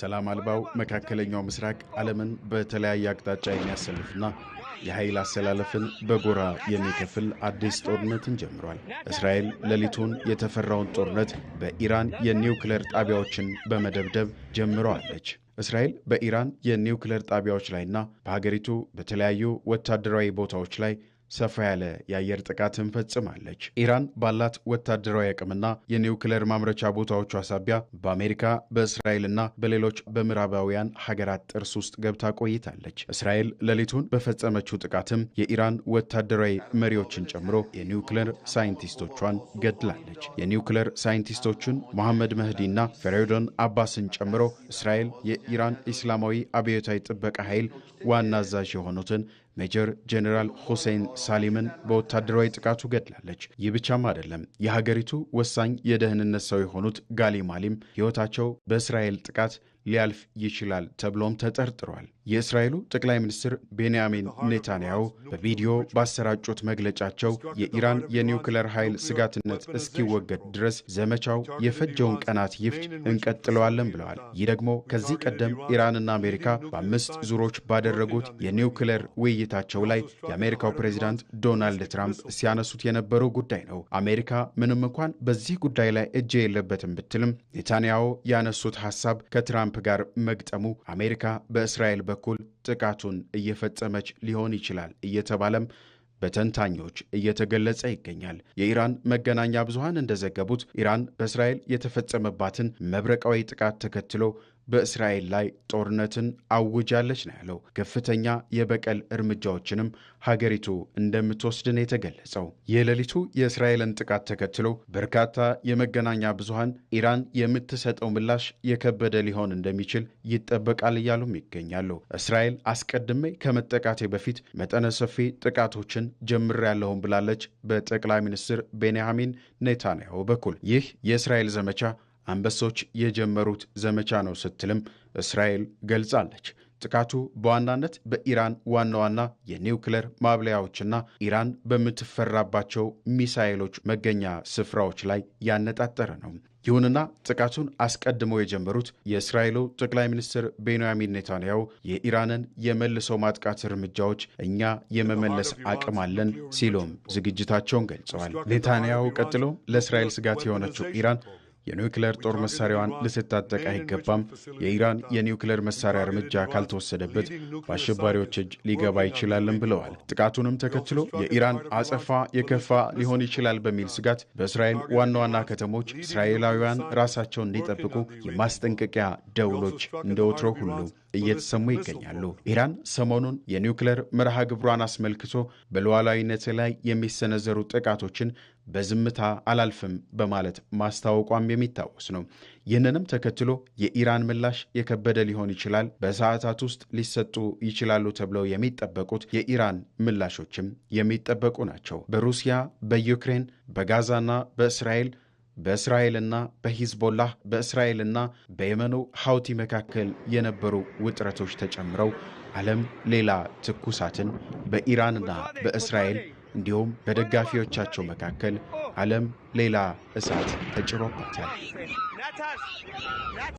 ሰላም አልባው መካከለኛው ምስራቅ ዓለምን በተለያየ አቅጣጫ የሚያሰልፍና የኃይል አሰላለፍን በጎራ የሚከፍል አዲስ ጦርነትን ጀምሯል። እስራኤል ሌሊቱን የተፈራውን ጦርነት በኢራን የኒውክሌር ጣቢያዎችን በመደብደብ ጀምረዋለች። እስራኤል በኢራን የኒውክሌር ጣቢያዎች ላይና በሀገሪቱ በተለያዩ ወታደራዊ ቦታዎች ላይ ሰፋ ያለ የአየር ጥቃትን ፈጽማለች። ኢራን ባላት ወታደራዊ አቅምና የኒውክሌር ማምረቻ ቦታዎቿ ሳቢያ በአሜሪካ በእስራኤልና በሌሎች በምዕራባውያን ሀገራት ጥርስ ውስጥ ገብታ ቆይታለች። እስራኤል ሌሊቱን በፈጸመችው ጥቃትም የኢራን ወታደራዊ መሪዎችን ጨምሮ የኒውክሌር ሳይንቲስቶቿን ገድላለች። የኒውክሌር ሳይንቲስቶቹን መሐመድ መህዲና ፌሬዶን አባስን ጨምሮ እስራኤል የኢራን ኢስላማዊ አብዮታዊ ጥበቃ ኃይል ዋና አዛዥ የሆኑትን ሜጀር ጄኔራል ሁሴን ሳሊምን በወታደራዊ ጥቃቱ ገድላለች። ይህ ብቻም አይደለም። የሀገሪቱ ወሳኝ የደህንነት ሰው የሆኑት ጋሊማሊም ሕይወታቸው በእስራኤል ጥቃት ሊያልፍ ይችላል ተብሎም ተጠርጥሯል። የእስራኤሉ ጠቅላይ ሚኒስትር ቤንያሚን ኔታንያሁ በቪዲዮ ባሰራጩት መግለጫቸው የኢራን የኒውክለር ኃይል ስጋትነት እስኪወገድ ድረስ ዘመቻው የፈጀውን ቀናት ይፍጅ እንቀጥለዋለን ብለዋል። ይህ ደግሞ ከዚህ ቀደም ኢራንና አሜሪካ በአምስት ዙሮች ባደረጉት የኒውክለር ውይይታቸው ላይ የአሜሪካው ፕሬዚዳንት ዶናልድ ትራምፕ ሲያነሱት የነበረው ጉዳይ ነው። አሜሪካ ምንም እንኳን በዚህ ጉዳይ ላይ እጄ የለበትም ብትልም ኔታንያሁ ያነሱት ሀሳብ ከትራምፕ ጋር መግጠሙ አሜሪካ በእስራኤል በኩል ጥቃቱን እየፈጸመች ሊሆን ይችላል እየተባለም በተንታኞች እየተገለጸ ይገኛል። የኢራን መገናኛ ብዙሃን እንደዘገቡት ኢራን በእስራኤል የተፈጸመባትን መብረቃዊ ጥቃት ተከትሎ በእስራኤል ላይ ጦርነትን አውጃለች ነው ያለው። ከፍተኛ የበቀል እርምጃዎችንም ሀገሪቱ እንደምትወስድን የተገለጸው የሌሊቱ የእስራኤልን ጥቃት ተከትሎ በርካታ የመገናኛ ብዙሃን ኢራን የምትሰጠው ምላሽ የከበደ ሊሆን እንደሚችል ይጠበቃል እያሉም ይገኛሉ። እስራኤል አስቀድሜ ከመጠቃቴ በፊት መጠነ ሰፊ ጥቃቶችን ጀምሬያለሁም ብላለች በጠቅላይ ሚኒስትር ቤንያሚን ኔታንያሁ በኩል ይህ የእስራኤል ዘመቻ አንበሶች የጀመሩት ዘመቻ ነው ስትልም እስራኤል ገልጻለች። ጥቃቱ በዋናነት በኢራን ዋና ዋና የኒውክለር ማብለያዎችና ኢራን በምትፈራባቸው ሚሳይሎች መገኛ ስፍራዎች ላይ ያነጣጠረ ነው። ይሁንና ጥቃቱን አስቀድመው የጀመሩት የእስራኤሉ ጠቅላይ ሚኒስትር ቤንያሚን ኔታንያሁ የኢራንን የመልሶ ማጥቃት እርምጃዎች እኛ የመመለስ አቅም አለን ሲሉም ዝግጅታቸውን ገልጸዋል። ኔታንያሁ ቀጥሎ ለእስራኤል ስጋት የሆነችው ኢራን የኒውክሌር ጦር መሳሪያዋን ልስታጠቅ አይገባም። የኢራን የኒውክሌር መሳሪያ እርምጃ ካልተወሰደበት በአሸባሪዎች እጅ ሊገባ ይችላልም ብለዋል። ጥቃቱንም ተከትሎ የኢራን አጸፋ የከፋ ሊሆን ይችላል በሚል ስጋት በእስራኤል ዋና ዋና ከተሞች እስራኤላውያን ራሳቸውን እንዲጠብቁ የማስጠንቀቂያ ደውሎች እንደ ወትሮ ሁሉ እየተሰሙ ይገኛሉ። ኢራን ሰሞኑን የኒውክለር መርሃ ግብሯን አስመልክቶ በሉዓላዊነት ላይ የሚሰነዘሩ ጥቃቶችን በዝምታ አላልፍም በማለት ማስታወቋም የሚታወስ ነው። ይህንንም ተከትሎ የኢራን ምላሽ የከበደ ሊሆን ይችላል። በሰዓታት ውስጥ ሊሰጡ ይችላሉ ተብለው የሚጠበቁት የኢራን ምላሾችም የሚጠበቁ ናቸው። በሩሲያ በዩክሬን በጋዛና በእስራኤል በእስራኤልና በሂዝቦላህ በእስራኤልና በየመኑ ሐውቲ መካከል የነበሩ ውጥረቶች ተጨምረው ዓለም ሌላ ትኩሳትን በኢራንና በእስራኤል እንዲሁም በደጋፊዎቻቸው መካከል ዓለም ሌላ እሳት ተጭሮባታል።